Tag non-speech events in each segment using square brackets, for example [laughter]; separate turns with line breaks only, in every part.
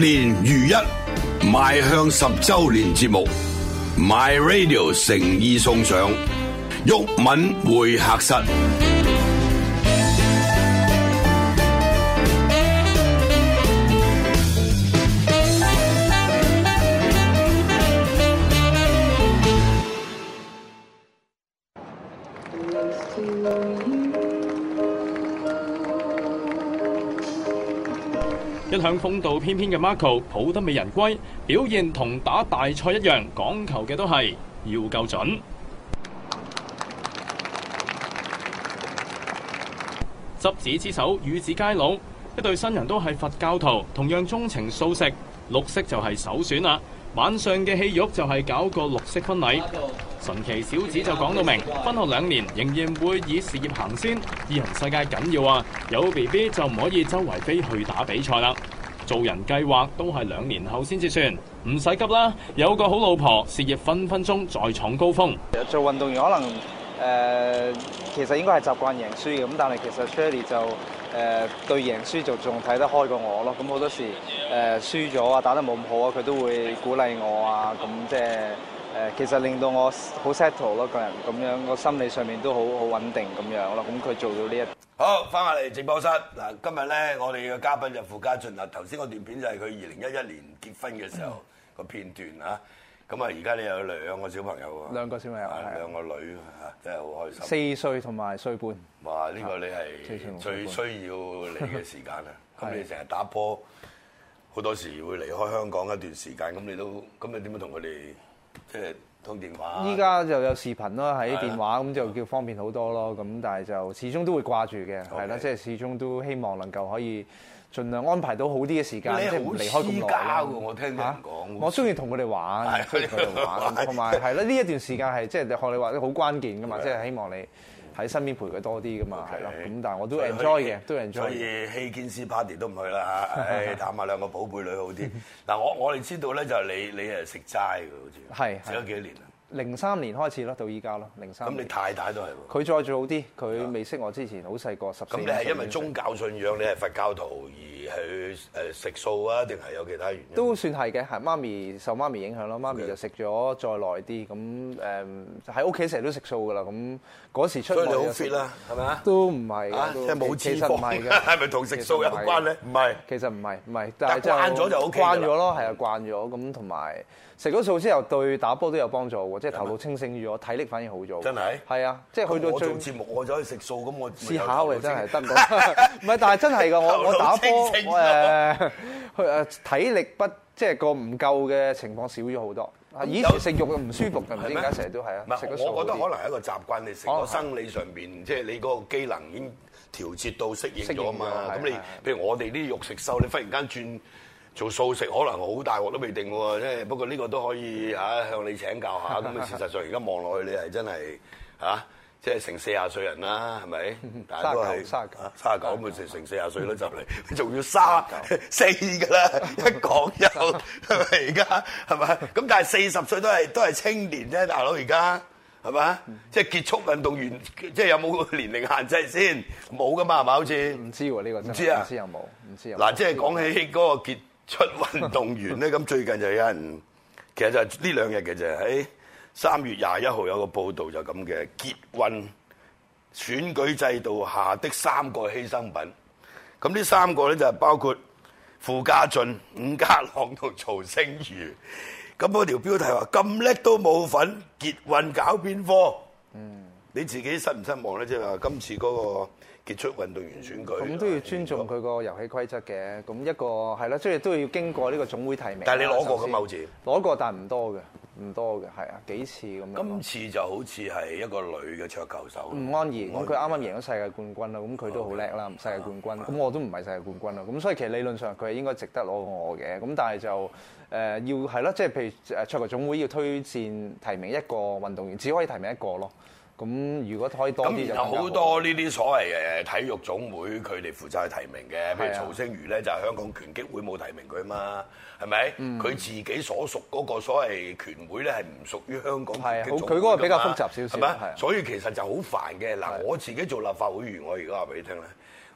年如一，邁向十周年節目，My Radio 誠意送上，毓民會客室。
一向風度翩翩嘅 Marco 抱得美人歸，表現同打大賽一樣，講求嘅都係要夠準。執 [music] 子之手，與子偕老，一對新人都係佛教徒，同樣鍾情素食，綠色就係首選啦。晚上嘅戲肉就係搞個綠色婚禮。Marco，神奇小子就講到明，婚後兩年仍然會以事業行先，二人世界緊要啊！有 BB 就唔可以周圍飛去打比賽啦。做人計劃都係兩年後先至算，唔使急啦。有個好老婆，事業分分鐘再創高峰。做運動員可能誒、呃，其實應該係習慣贏輸嘅，咁但係其實 Cherry 就誒、呃、對贏輸就仲睇得開過我咯。咁好多時誒、呃、輸咗啊，打得冇咁好啊，佢都會鼓勵我啊，咁即係。誒，其實令到我好 settle 咯，個人咁樣個心理上面都好好穩定咁樣咯。咁佢做到呢一，
好翻返嚟直播室。嗱，今日咧，我哋嘅嘉賓就傅家俊啊。頭先嗰段片就係佢二零一一年結婚嘅時候個片段啊。咁啊，而家你有兩個小朋友啊，兩個小朋友，兩個小朋友，兩
個女，真係好開心。四歲同埋歲半。
哇！呢、呢個你係最需要你嘅時間啦。咁 [laughs] 你成日打波，好多時會離開香港一段時間。咁你都，咁你點樣同佢哋？即、就、係、是、通電話，
依家就有視頻啦，喺電話咁就叫方便好多咯。咁但係就始終都會掛住嘅，係、okay. 啦，即係始終都希望能夠可以盡量安排到好啲嘅時間，即係唔離開咁耐咯。我
聽你講、
啊，我中意同佢哋玩，同佢哋玩，同埋係啦，呢 [laughs] 一段時間係即係學你話，好關鍵噶嘛，即係、就是、希望你。喺身邊陪佢多啲㗎嘛，係咯。咁但係我都 enjoy 嘅，都 enjoy。所以，所以，所
以希堅斯 party 都唔去啦嚇，唉、 [laughs] 哎，探下兩個寶貝女好啲。嗱 [laughs] 我我哋知道咧就係、是、你你係食齋
嘅好似，食咗幾多年啊？零三年開始咯，到依家咯，零三。咁你太太都係喎。佢再做好啲，佢未識我之前好細個十。咁你係因為宗
教信仰，是你係佛教徒。係，誒食素啊，定係有其他原
因？都算係嘅，係媽咪，受媽咪影響咯。媽咪就食咗再耐啲，咁誒喺屋企成日都食素噶啦。咁嗰時出嚟好 fit 啊，係咪啊？都唔係嘅，即係冇脂肪嘅。係咪同食素有關咧？唔係，其實唔係，唔係。但係慣咗就 OK 啦。慣咗咯，係啊，慣咗咁同埋。食咗素之後對打波都有幫助喎，即係頭腦清醒咗，體力反而好咗。真係？係啊，即係去到最我做節
目我就可以食素。咁我， [laughs] 我。思考嘅真係得唔到。唔係，但係真係噶，我打我打波
誒，體力不即係個唔夠嘅情況少咗好多。以前食肉又唔舒服㗎，唔知點解成日都係啊。唔係，我覺得可
能係一個習慣你食，你食個生理上面，即係你嗰個機能已經調節到適應咗嘛。咁你，譬如我哋啲肉食獸，你忽然間轉。做素食可能好大鑊都未定喎，即係不過呢個都可以啊向你請教下。咁事實上而家望落去，你係真係啊，即係成四十歲人啦，係咪？三十九，三十九，三十九，咁咪成成四十歲都就嚟，仲要三十四㗎啦！一講又係咪而家？係咪？咁但係四十歲都係都係青年啫，大佬而家係咪？即係結束運動員，即係有冇個年齡限制先？冇㗎嘛，係咪？好似唔知喎呢個，唔知啊，唔知，唔知，唔知有冇，唔知有。嗱，即係講起嗰個結出運動員咧，咁最近就有人，其實就係呢兩日嘅就喺三月廿一號有個報道就咁嘅，傑運選舉制度下的三個犧牲品。咁呢三個咧就包括傅家俊、伍家朗同曹星如。咁嗰條標題話咁叻都冇份，傑運搞邊科？嗯，你自己失唔失望咧？即係話今次嗰、嗰個。傑出運動員選舉，咁都要
尊重佢個遊戲規則嘅。咁一個係啦，即係都要經過呢個總會提名。但你攞過咁嘅好似？攞過，但唔多嘅，唔多嘅，係啊，幾次咁樣。今次就好似係一個女嘅桌球手。吳安儀，佢啱啱贏咗世界冠軍啦，咁佢都好叻啦。世界冠軍，咁我都唔係、okay，世界冠軍啦。咁所以其實理論上佢應該值得攞我嘅。咁但係就要係啦，即係譬如桌球總會要推薦提名一個運動員，只可以提名一個咯。咁如果開多啲人，好。咁然後好多
呢啲所謂誒體育總會，佢哋負責提名嘅，譬如曹星如咧，就係香港拳擊會冇提名佢嘛，係咪？佢、嗯、自己所屬嗰個所謂拳會咧，係唔屬於香港，佢嗰個比較複雜少少，係咪？所以其實就好煩嘅。嗱，我自己做立法會議員，我而家話俾你聽咧，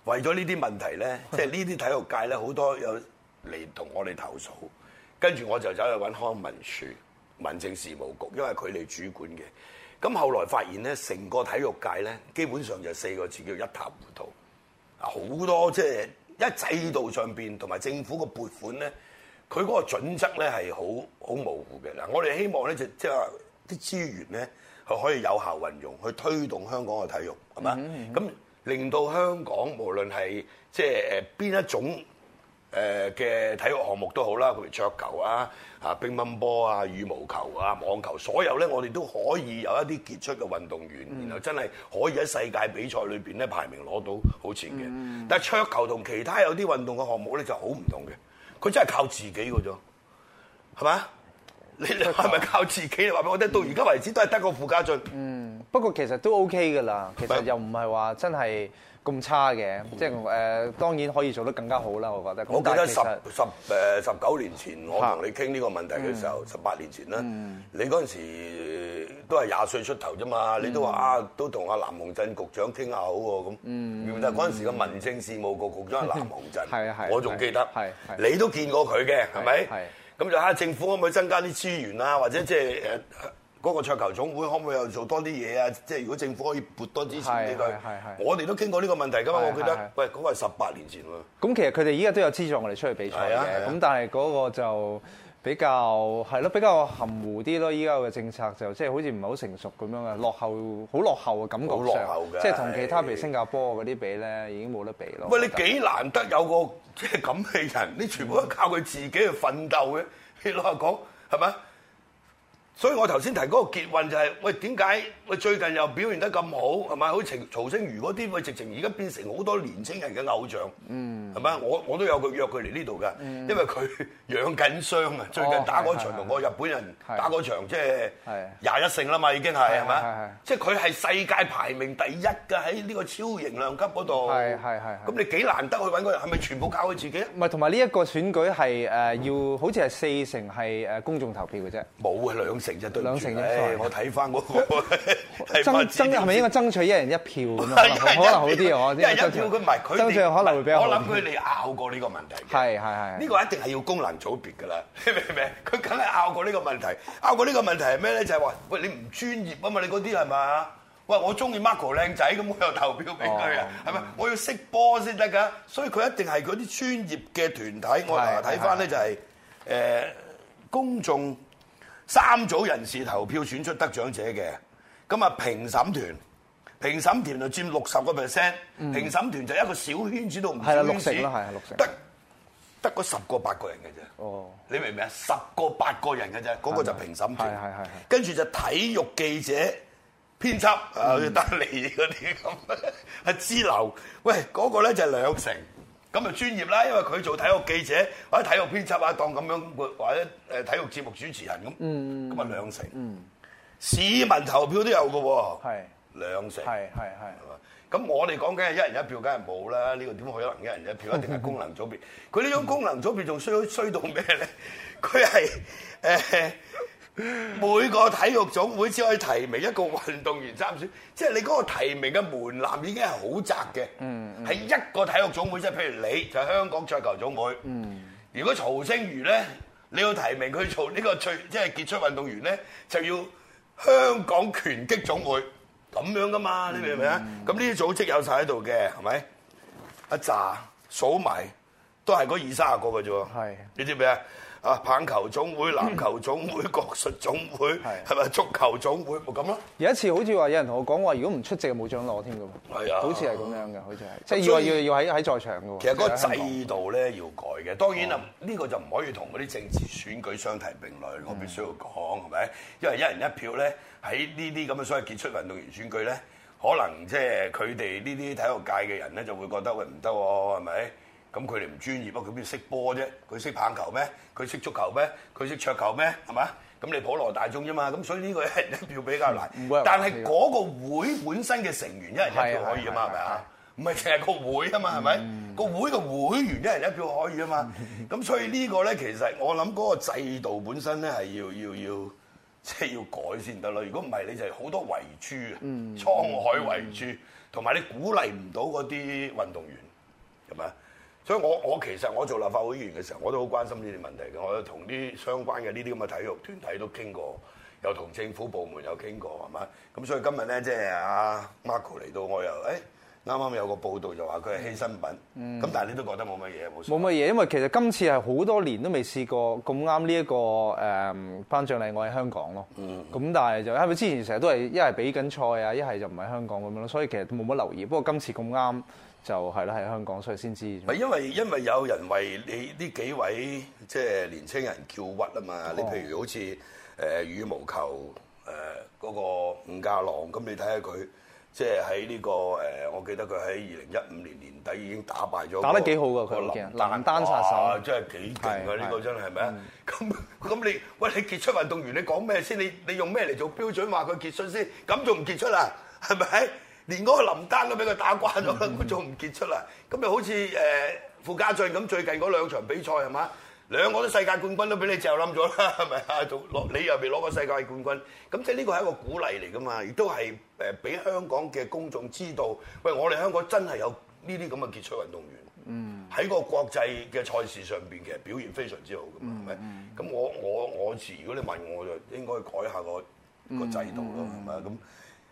為咗呢啲問題咧，即係呢啲體育界咧好多有嚟同我哋投訴，跟住我就走去搵康文署、民政事務局，因為佢哋主管嘅。咁後來發現咧，成個體育界咧，基本上就四個字叫一塌糊塗，啊好多即係一制度上面同埋政府個撥款咧，佢嗰個準則咧係好好模糊嘅。嗱，我哋希望咧就即係話啲資源咧係可以有效運用去推動香港嘅體育，係嘛？咁、嗯嗯嗯、令到香港無論係即係誒邊一種誒嘅體育項目都好啦，譬如桌球啊、嚇乒乓波啊、羽毛球啊、網球，所有咧我哋都可以有一啲傑出嘅運動員，嗯、然後真係可以喺世界比賽裏面咧排名攞到好前嘅。嗯、但係桌球同其他有啲運動嘅項目咧就好唔同嘅，佢真係靠自己㗎啫，係嘛？你你係咪靠自己話、嗯、俾我聽，到而家為
止都係得個傅家俊。嗯，不過其實都 OK 㗎啦。其實又唔係話真係咁差嘅，即係誒，當然可以做得更加好啦。我覺得。我記得十
十誒十九年前，我同你傾呢個問題嘅時候，十八年前啦，你嗰陣時都係廿歲出頭啫嘛，你都話啊，都同阿藍鴻震局長傾下好喎咁。
嗯。但係嗰時
嘅民政事務局局，局長藍鴻震， [laughs] 我仲記得，
你都見過佢嘅，係咪？係。
咁就睇下政府可唔可以增加啲資源啊？或者即係嗰個桌球總會可唔可以又做多啲嘢啊？即係如果政府可以多撥多啲錢俾佢，這個、我哋都傾過呢個問題噶嘛。我記得，喂，嗰、嗰個係十八年前喎。
咁其實佢哋依家都有資助我哋出去比賽嘅，咁但係嗰個就。比較係咯，比較含糊啲咯，依家嘅政策就即係、就是、好似唔係好成熟咁樣嘅，落後好落後嘅感覺上，好落後嘅即係同其他譬如新加坡嗰啲比咧，已經冇得比咯。喂，你幾
難得有個即係咁嘅人，你全部都靠佢自己去奮鬥嘅，嗯、你攞嚟講係咪？所以我頭先提個結論就係，喂，點解喂最近又表現得咁好，係咪？好似曹星如啲，喂直情而家變成好多年青人嘅偶像，
嗯，係咪？
我我都有佢約佢嚟呢度㗎，嗯、因為佢養緊傷啊！最近打嗰場同個、哦、日本人打嗰場，係即係廿一勝啦嘛，已經係，係咪？即係佢係世界排名第一㗎，喺呢個超蠅量級度，係係係，咁你幾難得去揾個人，係咪全部靠佢自
己？唔係同埋呢一個選舉係誒要好似係四成係誒公眾投票嘅啫，冇啊兩。對成就兩成，我睇翻嗰個爭爭係咪應該爭取一人一票咁可，可能好啲啊一一！爭取可能會比較好他他你我諗佢嚟
拗過呢個問題。
係係係。呢、這個一
定係要功能組別噶啦，明唔明？佢梗係拗過呢個問題，拗過呢個問題係咩咧？就係話喂，你唔專業啊嘛！你嗰啲係嘛？喂，我中意 Marco 靚仔咁，我又投票俾佢啊，係、哦、咪？我要識波先得噶，所以佢一定係嗰啲專業嘅團體。我嗱睇翻咧就係、是、誒、欸、公眾。三組人士投票選出得獎者嘅，咁啊評審團，評審團就佔六十個 percent，評審團就一個小圈子都唔，係啦六成啦，係六成，得得嗰十個八個人嘅啫，哦、你明唔明啊？十個八個人嘅啫，嗰、哦、個就係評審團，跟住就體育記者編輯啊，丹尼嗰啲咁啊，係 [laughs] 之流，喂嗰、嗰個咧就係兩成。咁就專業啦，因為佢做體育記者或者體育編輯啊，當咁樣或者誒、呃、體育節目主持人咁，咁、嗯、咪兩成、嗯。市民投票都有㗎喎，兩成，係係係。咁我哋講緊係一人一票，梗係冇啦。呢、呢個點可能一人一票，一定係功能組別。佢、嗯、呢種功能組別仲衰衰到咩咧？佢係每個體育總會只可以提名一個運動員參選，即係你嗰個提名嘅門檻已經係好窄嘅，嗯，係、嗯、一個體育總會，即係譬如你就係、香港桌球總會、
嗯，
如果曹星如咧你要提名佢做呢、呢個最即係傑出運動員咧，就要香港拳擊總會咁樣噶嘛，你明唔明啊？咁呢啲組織有晒喺度嘅，係咪？一紮數埋都係嗰二卅個嘅啫，你知唔知啊？棒球總會、籃球總會、嗯、國術總會，係咪足球總會？咪咁咯。有
一次好似話有人同我講話，如果唔出席冇獎攞添㗎喎。係
啊，好似係咁樣嘅，好似係。即係要要
要喺喺在場嘅喎。其實嗰個制
度咧要改嘅，就是哦、當然啊，呢、呢個就唔可以同嗰啲政治選舉相提並論。我必須要講係咪？因為一人一票咧，喺呢啲咁嘅所謂傑出運動員選舉咧，可能即係佢哋呢啲體育界嘅人咧就會覺得喂，唔得喎，係咪？咁佢哋唔專業啊！佢邊識波啫？佢識棒球咩？佢識足球咩？佢識桌球咩？係咪？咁你普羅大眾啫嘛！咁所以呢個一人一票比較難。嗯嗯、但係嗰個會本身嘅成員一人一票可以啊嘛？係咪啊？唔係淨係個會啊嘛？係咪？嗯個會嘅會員一人一票可以啊嘛？咁、嗯、所以呢個咧，其實我諗嗰個制度本身咧係要要要，即係要,要,要改先得啦。如果唔係，你就係好多遺珠啊，滄海遺珠，同、嗯、埋你鼓勵唔到嗰啲運動員，係咪所以我，我我其實我做立法會議員嘅時候，我都好關心呢啲問題嘅。我同啲相關嘅呢啲咁嘅體育團體都傾過，又同政府部門又傾過，係咪？咁所以今日咧，即係、啊、阿 Marco 嚟到，我又誒啱啱有個報道就話佢係犧牲品。咁、嗯、但係你都覺得冇乜嘢，冇、嗯、錯。冇
乜嘢，因為其實今次係好多年都未試過咁啱呢一個誒頒獎禮，我、嗯、喺香港咯。咁、嗯、但係就係、是、咪之前成日都係一係比緊賽啊，一係就唔喺香港咁樣咯。所以其實都冇乜留意。不過今次咁啱。就係啦，喺香港所以先知。
咪因為因為有人為你呢幾位即係年青人叫屈啊嘛！你、哦、譬如好似誒、呃、羽毛球誒嗰、呃那個伍家朗，咁你睇下佢即係喺呢個誒，我記得佢喺二零一五年年底已經打敗咗、那個、打得幾好㗎，佢、那、嘅、個、林丹殺手啊，真係幾勁啊！呢個真係咪啊？咁咁、嗯、 [laughs] 你喂你傑出運動員，你講咩先？你你用咩嚟做標準話佢傑出先？咁仲唔傑出啊？係咪？連嗰個林丹都俾佢打慣咗，佢仲唔傑出啦，咁就好似誒、呃、傅家俊咁，最近嗰兩場比賽係嘛？兩個都世界冠軍都俾你就冧咗啦，係咪啊？仲攞你又未攞過世界冠軍？咁即呢個係一個鼓勵嚟㗎嘛，亦都係誒俾香港嘅公眾知道，喂，我哋香港真係有呢啲咁嘅傑出運動員，
嗯，
喺個國際嘅賽事上面，其實表現非常之好㗎嘛，係、嗯、咪？咁我我我如果你問我，就應該改下個個制度咯，係咪咁？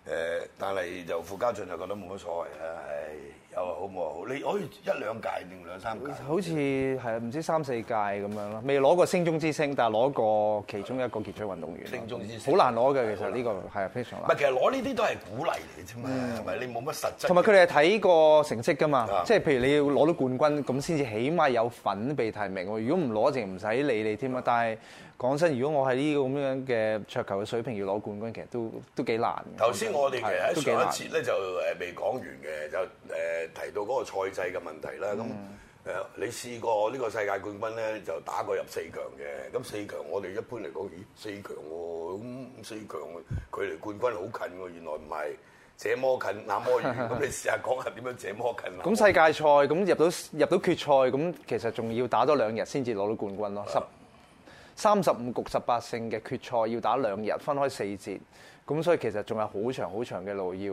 誒，但係就傅家俊就覺得冇乜所謂有好，冇好。你可以一兩屆定兩三
屆？好似係啊，唔知三四屆咁樣咯。未攞過星中之星，但係攞過其中一個傑出運動員。星中之星好難攞嘅，其實呢、呢個係非常難。唔係，其實攞
呢啲都係鼓勵嚟嘅啫嘛，同、嗯、埋你冇乜實質。同埋佢哋
係睇過成績㗎嘛，即係譬如你要攞到冠軍，咁先至起碼有份被提名。如果唔攞，淨唔使理你添啊。但係。講真，如果我喺呢個咁樣嘅桌球嘅水平要攞冠軍，其實都都幾難的。頭先
我哋其實喺上一節咧就誒未講完嘅，就誒提到嗰個賽制嘅問題啦。咁、嗯、誒，你試過呢個世界冠軍咧就打過入四強嘅。咁四強我哋一般嚟講，咦四強喎、啊？咁四強、啊、距離冠軍好近喎、啊？原來唔係這麼近 [laughs] 那麼遠。咁你試，試下講下點樣這麼近。咁世界
賽咁入到入到決賽咁，其實仲要打多兩日先至攞到冠軍咯。三十五局十八勝嘅決賽要打兩日，分開四節，咁所以其實仲有好長好長嘅路要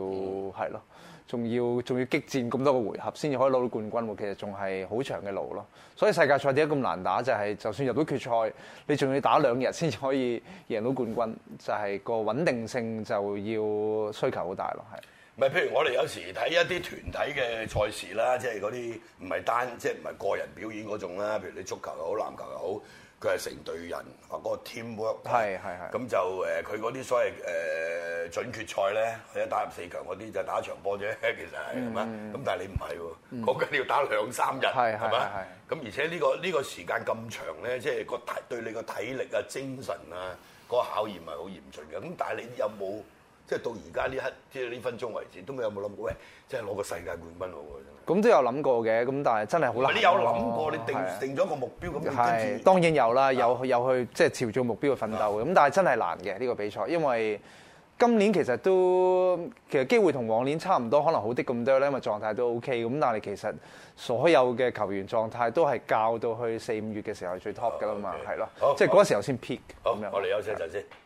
係咯，仲要、嗯、仲要激戰咁多個回合先至可以攞到冠軍喎。其實仲係好長嘅路咯。所以世界賽點解咁難打？就係、是、就算入到決賽，你仲要打兩日先至可以贏到冠軍，就係、是、個穩定性就要需求好大咯。係
咪？譬如我哋有時睇一啲團體嘅賽事啦，即係嗰啲唔係單即係唔係個人表演嗰種啦。譬如你足球又好，籃球又好。佢係成隊人，啊、那、嗰個 teamwork，係係係，咁就誒佢嗰啲所謂誒、呃、準決賽咧，佢一打入四強嗰啲就打一場波啫，其實係，係嘛？咁、嗯、但係你唔係喎，講緊你要打兩三日，係係係，咁而且呢、呢個呢、呢個時間咁長咧，即係個體對你個體力啊、精神啊嗰、嗰個考驗係好嚴峻嘅。咁但係你有冇？即係到而家呢刻，即係呢分鐘為止，都未有冇諗過？喂，即係攞個世界冠軍喎！
咁即係有諗過嘅，咁但係真係好難的。你有諗過？你定定
咗個目標咁？係
當然有啦，有有去即係朝住目標去奮鬥嘅。咁但係真係難嘅呢、這個比賽，因為今年其實都其實機會同往年差唔多，可能好啲咁多咧，因為狀態都 OK 咁。但係其實所有嘅球員狀態都係教到去四五月嘅時候係最 top 㗎啦嘛，係、哦、咯、okay，即係嗰時候先 peak。好，我哋休息一陣先。